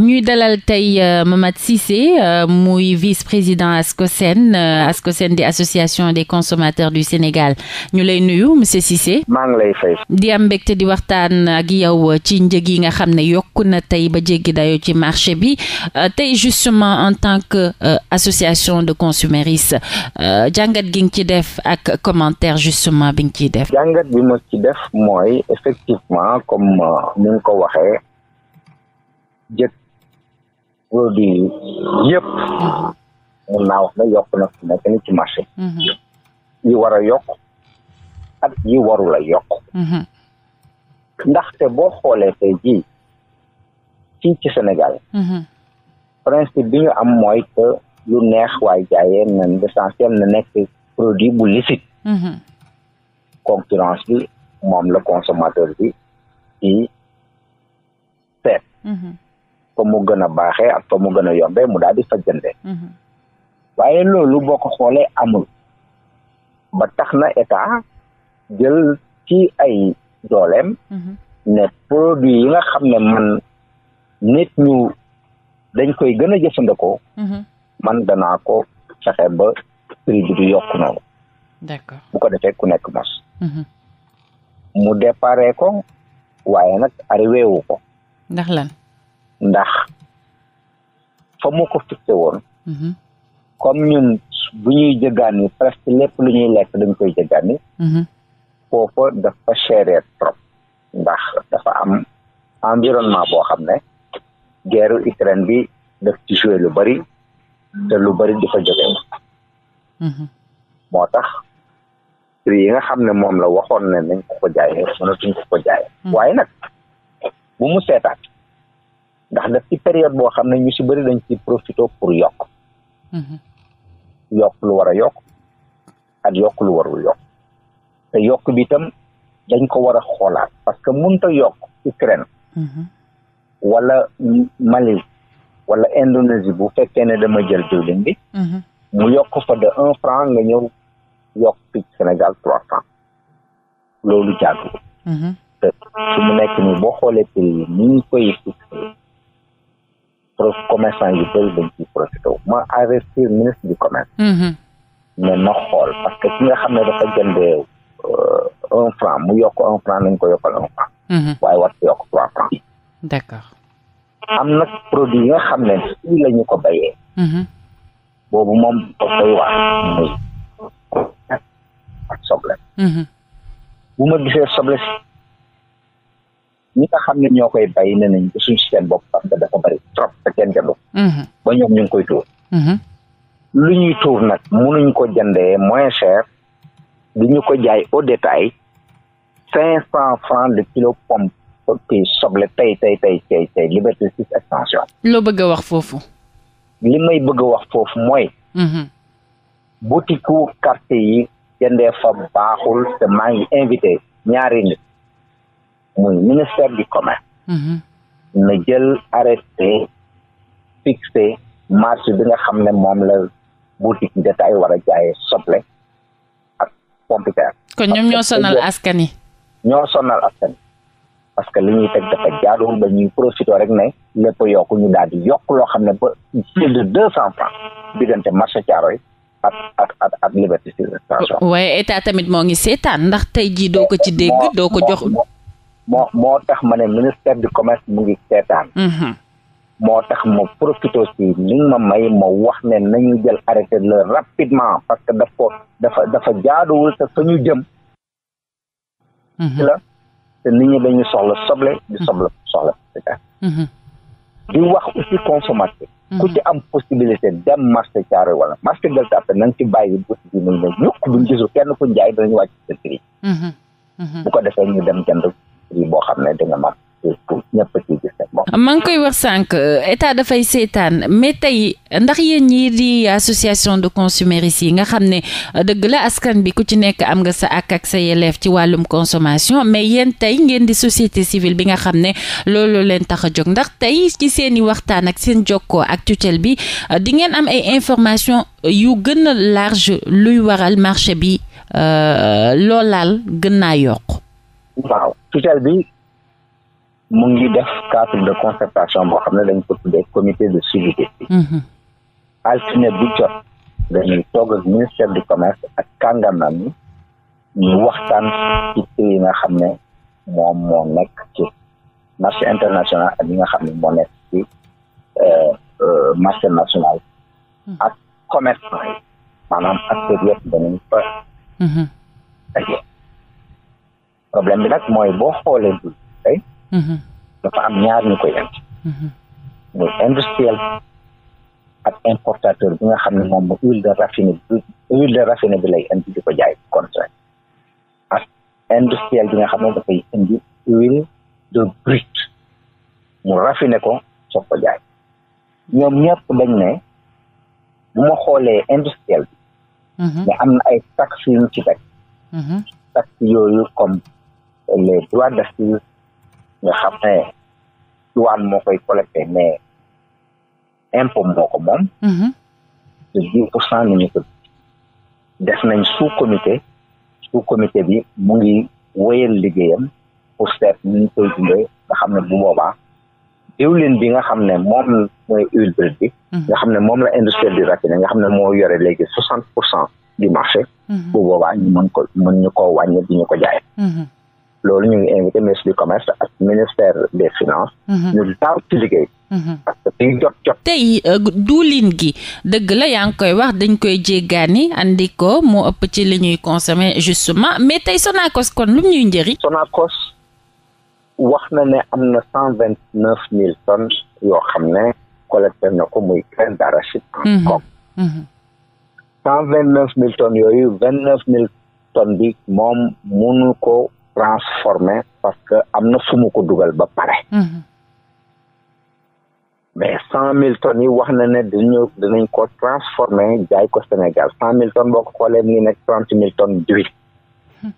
ñuy dalal tey euh, Mamat Cissé euh, muy vice-président ASCOSEN euh, ASCOSEN di association des consommateurs du Sénégal ñu lay nuyu monsieur Cissé. maa ngi lay fay. di mbégte di waxtaan ak yow ci njëg yi nga xam ne yokku na tey ba jéggi dayo ci marché bi tey justement en tant que association de consuméristes jàngat gi nga ci def ak commentaire justement bi nga ciy def. jàngat mooy effectivement comme ni nga ko waxee. produit yi yëpp mun naa wax ne yokk na fu nekk ni ci marché mhm. yi war a yokk ak yi warul a yokk mhm. ndaxte boo xoolee tey jii fii ci Sénégal mhm. principe bi ñu am mooy que lu neex waay jaayee na l'essentiel na nekk produit bu licite concurrence bi moom la consommateur bi ci seet fa mu gën a baaxee ak fa mu gën a yombee mu daal di fajjante mhm. waaye loolu boo ko xoolee amul ba tax na état jël ci ay dooleem mhm. ne produit yi nga xam ne man nit ñu dañ koy gën a jëfandikoo mhm. man danaa ko fexe ba prix bi du yokk noonu d'accord bu ko defee ku nekk mos mu déparé ko waaye nag arrivé ko ndax lan ndax fa mu ko fixé woon mhm. comme ñun bu ñuy jëggaan yi presque lépp lu ñuy lekk dañ koy jëggaan yi mhm. foofa dafa chéré trop ndax dafa am environnement boo xam ne guerre Ukraine bi daf ci joué lu bari te lu bari di fa jógee mhm. moo tax yi nga xam ne moom la waxoon ne nañ ko ko jaayee mënatuñ ko ko jaayee waaye nag bu mu seetaat ndax def ci période boo xam ne ñu si bëri dañ ci profité pour yokk mm-hmm. yokk lu war a yokk ak yokk lu warul yokk te yokk bi tam dañ ko war a xoolaat parce que mënut a yokk Ukraine mm-hmm. wala Mali wala Indonésie bu fekkee ne dama jël diwlin bi mm-hmm. mu yokk fa de un franc nga ñëw yokk fii Sénégal trois francs loolu jàddu te mu nekk nii boo xoolee prix yi ni koy pro commerçant yu bëri dañ ciy profité ma investir ministre du commerce. mais mhm. na xool parce que ki nga xam ne dafa jëndee euh, un franc mu yokk un franc nañ ko yokk un franc. Mhm. waaye war yokk trois franc. d'accord. am nag produit yi nga xam ne fii la ñu ko béyee. Mhm. boobu moom dafay waar muy ak bu ma gisee soble si. ñu nga xam ne ñoo koy bay ne nañ suñ seen bopp parce que dafa bari trop te kenn mhm. ba ñoom ñu ngi koy tuur mhm. lu ñuy tuur nag mënuñ ko jëndee moins cher di ñu ko jaay au détail cinq cent francs le kilo pomme kii soble tey tey tey tey tey liberté six extension loo bëgg a wax foofu li may bëgg a wax foofu mooy mhm. boutique quartier yi jëndee fa baaxul te maa ngi invité ñaari nit muy ministère du commerce. Mm-hmm. na jël arrêté fixé marché bi nga xam ne moom la boutique détail war a jaayee soble ak pompiteer. kon ñoom ñoo sonal askan yi. ñoo sonal askan yi parce que li ñuy teg dafa jaaduwul ba ñuy profité rek ne lépp yokku ñu daal di yokk loo xam ne ba plus de deux cent francs diggante marché Thiaroye ak ak ak ak Liberté Six Extension. waaye état tamit moo ngi seetaan ndax tey jii doo ko ci dégg doo ko jox. moo moo tax ma ne ministère du commerce mu ngi seetaan. Mhm. moo tax ma profité si ni ma may ma wax ne nañu jël arrêté le rapidement parce que daf ko dafa dafa jaaduwul te fa ñu jëm. Mhm. la te nit ñi dañu soxla soble di soble mhm. soxla di wax aussi consommateur. ku ci am possibilité dem marché Thiaroye wala marché Gueule Tapée na ci bàyyi boutique bi nañ ne ñukk duñ gisul kenn ku jaay danañu wàcc sa prix bu ko defee ñu dem jënd prix boo ngi koy war sànq état dafay seetaan mais tey ndax yéen ñii di association de consuméristes yi nga xam ne euh, dëgg la askan bi ku ci nekk am nga sa ak ak sa yelleef ci wàllum consommation mais yéen tey ngeen di société civile bi nga xam ne loolu leen tax a jóg ndax tey ci seeni waxtaan ak seen jokkoo ak tutelle bi euh, di ngeen am ay information yu gën a large luy waral marché bi euh, loolaal gën naa yokk waaw tutelle bi mu ngi def cadre de concertation boo xam ne dañ ko tuddee comité de suivi bi mhm. altine bu jot dañuy toog ak ministère du commerce ak kàngamam yi ñu waxtaan ci prix nga xam ne moom moo nekk ci marché international ak yi nga xam ne moo nekk ci euh, euh, marché national mhm. ak commerçant yi maanaam acteurs yëpp dañuy fa mhm. daje problème bi nag mooy boo xoolee du tey mm-hmm. dafa am ñaar ñu mm-hmm. ak importateur bi nga xam ne moom huile de raffiné huile de raffiné bi lay indi di ko jaay contrat ak industriel bi nga xam ne dafay indi huile de mu raffiné ko soog ko jaay ñoom ñëpp dañ ne bu ma xoolee industriel bi mais mm-hmm. am na ay taxes yu ci teg taxes yooyu comme les droits d'assises nga xam ne douane moo koy collecté mais impôt moo ko moom de mm-hmm. dix pour def nañ sous comité sous comité bi mu ngi wéyal liggéeyam pour seet ni ñu koy dundee nga xam ne bu boobaa diwlin bi nga xam ne moom mooy huile bi mm-hmm. nga xam ne moom la industriel di raffiné nga xam ne moo yore léegi soixante pour cent di marché mm-hmm. bu boobaa ñu mën ko mën ñu ko wàññi di ñu ko jaay loolu ñu ngi invité ministre du commerce ak ministère des finances. Mhm. ñu taw ci liggéey. Mhm. parce que day jot jot. tey euh, duulin gi dëgg la yaa ngi koy wax dañ koy jéggaani andi ko moo ëpp ci li ñuy consommer justement mais tey Sonacos kon lu ñuy njëriñ. Sonacos wax na ne am na cent vingt neuf mille tonnes yoo xam ne collecté na ko muy graine d'arachide. en mhm. yooyu vingt neuf mille tonnes bi moom munu ko. transformé parce que am na fu mu ko dugal ba pare. Mhm. mais cent mille tonnes yi wax na ne dañu dinañ ko transformé jaay ko Sénégal cent mille tonnes boo ko xoolee mu ngi nekk trente mille tonnes d'huile mhm.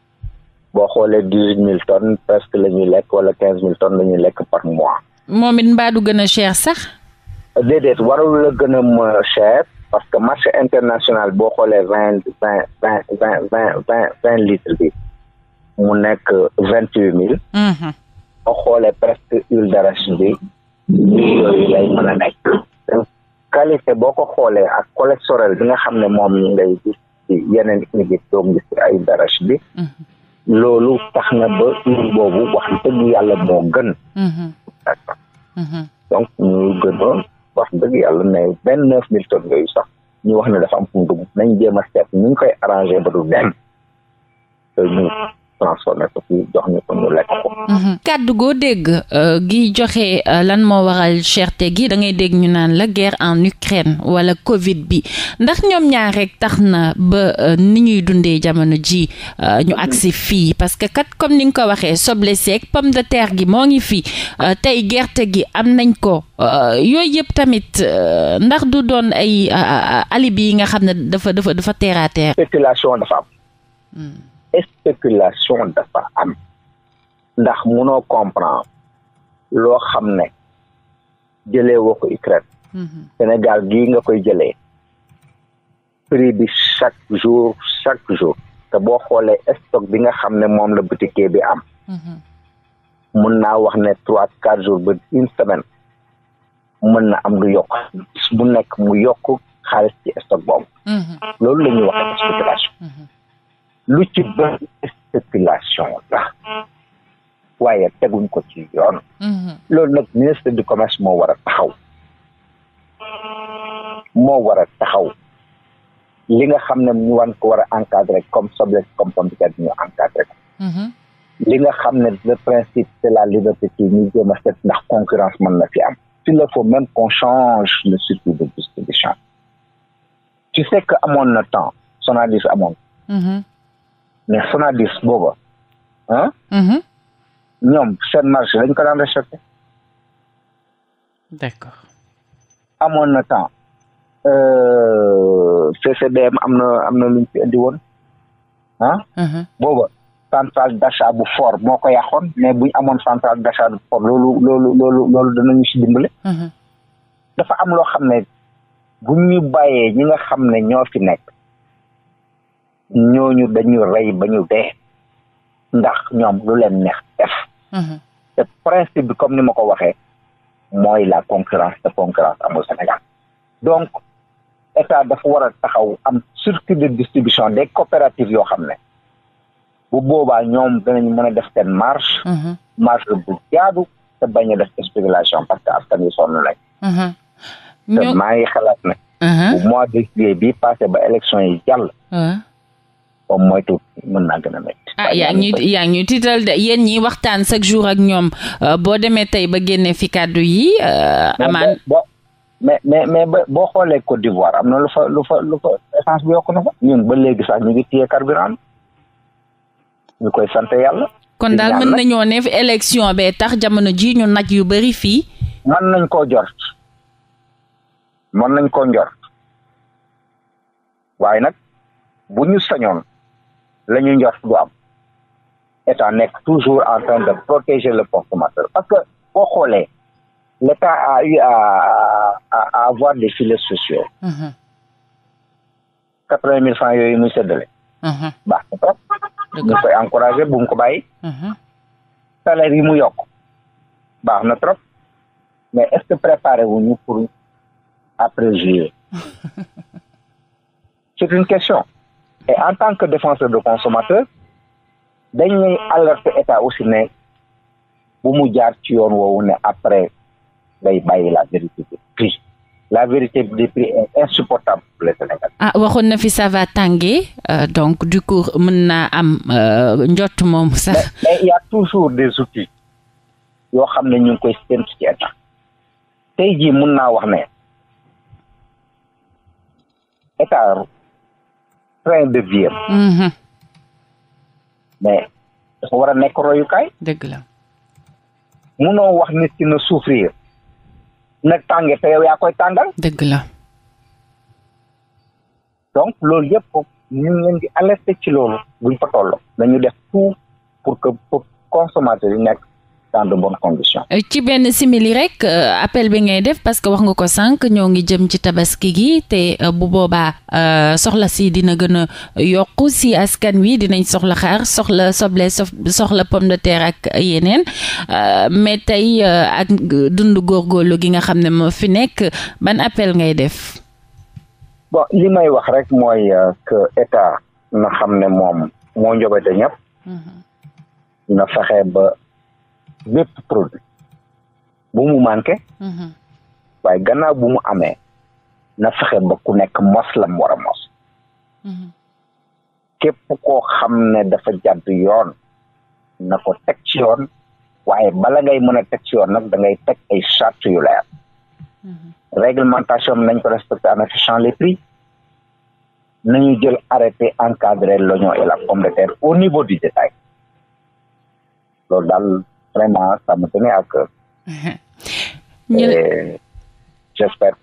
boo xoolee dix huit mille tonnes presque la ñuy lekk wala quinze mille tonnes la ñuy lekk par mois. moom it mbaa du gën a cher sax. déedéet warul la gën a cher parce que marché international boo xoolee vingt vingt vingt vingt vingt vingt litres bi. mu nekk vingt huit mille boo mhm. xoolee presque huile d'arachide bi lii yooyu lay mën a nekk qualité boo ko xoolee ak cholestérol bi nga xam ne moom ngay gis ci yeneen unité doog gis ay d'arachide bi mhm. loolu tax na ba huile boobu wax dëgg yàlla moo gën mhm. donc ñu gënoon wax dëgg yàlla ne vingt neuf mille tonnes yooyu sax ñu wax ne dafa am fu mu dugg nañ jéem a seet ñu koy arrangé ba du dem transformé kàddu mhm. goo dégg euh, gi joxe euh, lan moo waral cherté gi da ngay dégg ñu naan la guerre en Ukraine wala Covid bi ndax ñoom ñaareek tax na ba euh, ni ñuy dundee jamono ji ñu agsi fii parce que kat comme ni nga ko waxee soble seeg pomme de terre gi moo ngi fii tey gerte gi am nañ ko yooyu yëpp tamit ndax du doon ay alibi yi nga xam ne dafa dafa dafa terre spéculation dafa am ndax munoo comprendre loo xam ne jëlee woo ko Ukraine mhm. Sénégal gii nga koy jëlee prix bi chaque jour chaque jour te boo xoolee stock bi nga xam ne moom la boutique bi am mun mhm. naa wax ne trois quatre jours ba une semaine mën na am lu yokk bu nekk mu yokk xaalis ci stock boobu mhm. loolu la ñuy spéculation lu ci bëri spéculation la waaye teguñ ko ci yoon mm-hmm. loolu nag ministre du commerce moo war a taxaw moo war a taxaw li nga xam ne ñu wan ko war a encadré comme soble comme pomme de terre bi ñu encadré ko mm-hmm. li nga xam ne le principe c'est la liberté ci ñu jéem a seet ndax concurrence mën na fi am il faut même qu'on change le circuit de distribution tu sais que amoon na temps Sonadis amoon mm-hmm. mais Sonadis booba ah. Mm-hmm. ñoom seen marché dañ ko daan respecté. d'accord. amoon na temps euh, CCBM am na am na luñ fi indi mm-hmm. booba centrale d'achat bu fort moo ko yàqoon mais buñ amoon centrale d'achat bu fort loolu loolu loolu loolu danañu si dimbale. Mm-hmm. dafa am loo xam ne buñ ñu bàyyee ñi nga xam ne ñoo fi nekk. ñooñu dañu rey ba ñu dee ndax ñoom lu leen neex def mhm. te principe bi comme ni ma ko waxee mooy la concurrence te concurrence amul Sénégal donc état dafa war a taxaw am circuit de distribution des coopérative yoo xam ne bu boobaa ñoom danañ mën a def seen marge mhm. marge bu jaadu te bañ def spéculation parce que askan wi sonn lañ mhm. maa ngi xalaat ne bu mois de juillet bii passé ba élection yi jàll comme moytu mën naa gën a métti. ah yaa ñu yaa ngi ñu tiital de yéen ñi waxtaan chaque jour ak ñoom euh, boo demee tey ba génne fi kàddu yi. Euh, amaan mais mais mais boo xoolee Côte d'Ivoire am na lu fa lu fa lu fa essence bi yokk na fa. ñun ba léegi sax ñu ngi koy sant yàlla. kon daal mën nañoo ne élection bee tax jamono ji ñu naj yu bëri fii. mën nañ koo jor mën nañ koo jor waaye nag bu ñu sañoon. la ñu njort du am état nekk toujours en train de protéger le consommateur parce que l'état a eu à, à, avoir des filets sociaux mm-hmm. quatre mille francs yooyu muy séddale mm-hmm. baax na trop ñu koy encouragé bu mu ko bàyyi mm-hmm. salaire yi mu yokk baax mais est-ce que préparé wuñu pour après juillet c'est une question en tant que défenseur de consommateur dañuy alerter état aussi ne bu mu jaar ci yoon woowu ne après day bàyyi la vérité des prix la vérité des prix est insupportable pour les Sénégalais. ah waxoon na fi ça va yi donc du coup mën naa am euh, njot moom sax. mais il y toujours des outils yoo xam ne ñu ngi koy séntu ci état tey jii mën naa wax ne état. train de vie mm-hmm. mais dafa war a nekk royukaay. dëgg la. mënoo wax nit ki na souffrir na tànge te yow yaa koy tàngal. dëgg la. donc loolu yëpp ñu ngi leen di alerter ci loolu buñ fa toll. dañu def tout pour que pour consommateur yi nekk dans de bonnes conditions. Euh, ci benn simili rek euh, appel bi ngay def parce que wax nga ko sànq ñoo ngi jëm ci tabaski gi te euh, bu boobaa soxla si dina gën a yokku si askan wi dinañ soxla xaar soxla soble soxla pomme de terre ak yeneen mais tey ak dund góorgóorlu gi nga xam ne moo fi nekk ban appel ngay def. bon li may wax rek mooy que état na xam ne moom moo njobote ñëpp. Mhm. na fexe ba. bépp produit bu mu manqué. Mhm. waaye gannaaw bu mu amee na fexe ba ku nekk mos la mu war a mos. Mhm. képp koo xam ne dafa jàdd yoon na ko teg ci yoon waaye bala ngay mën a teg ci yoon nag da ngay teg ay charte yu leer. Mhm. réglementation bi nañ ko respecté en affichant les prix nañu jël arrêté encadré l'oignon et la pomme de terre au niveau du détail loolu daal vraiment ça me tenait à cœur. ñu j' espère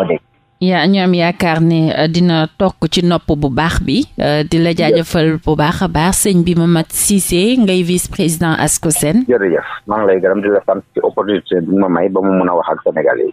ma dégg. yaa ñu yaakaar ne uh, dina tokk ci nopp bu baax bi uh, di la jaajëfal bu baax a baax sëñ bi ma Mamat Cissé ngay vice président ASCOSEN. jërëjëf maa ngi lay gërëm di la sant ci opportunité bi ma may ba mu mun a wax ak Sénégalais yi.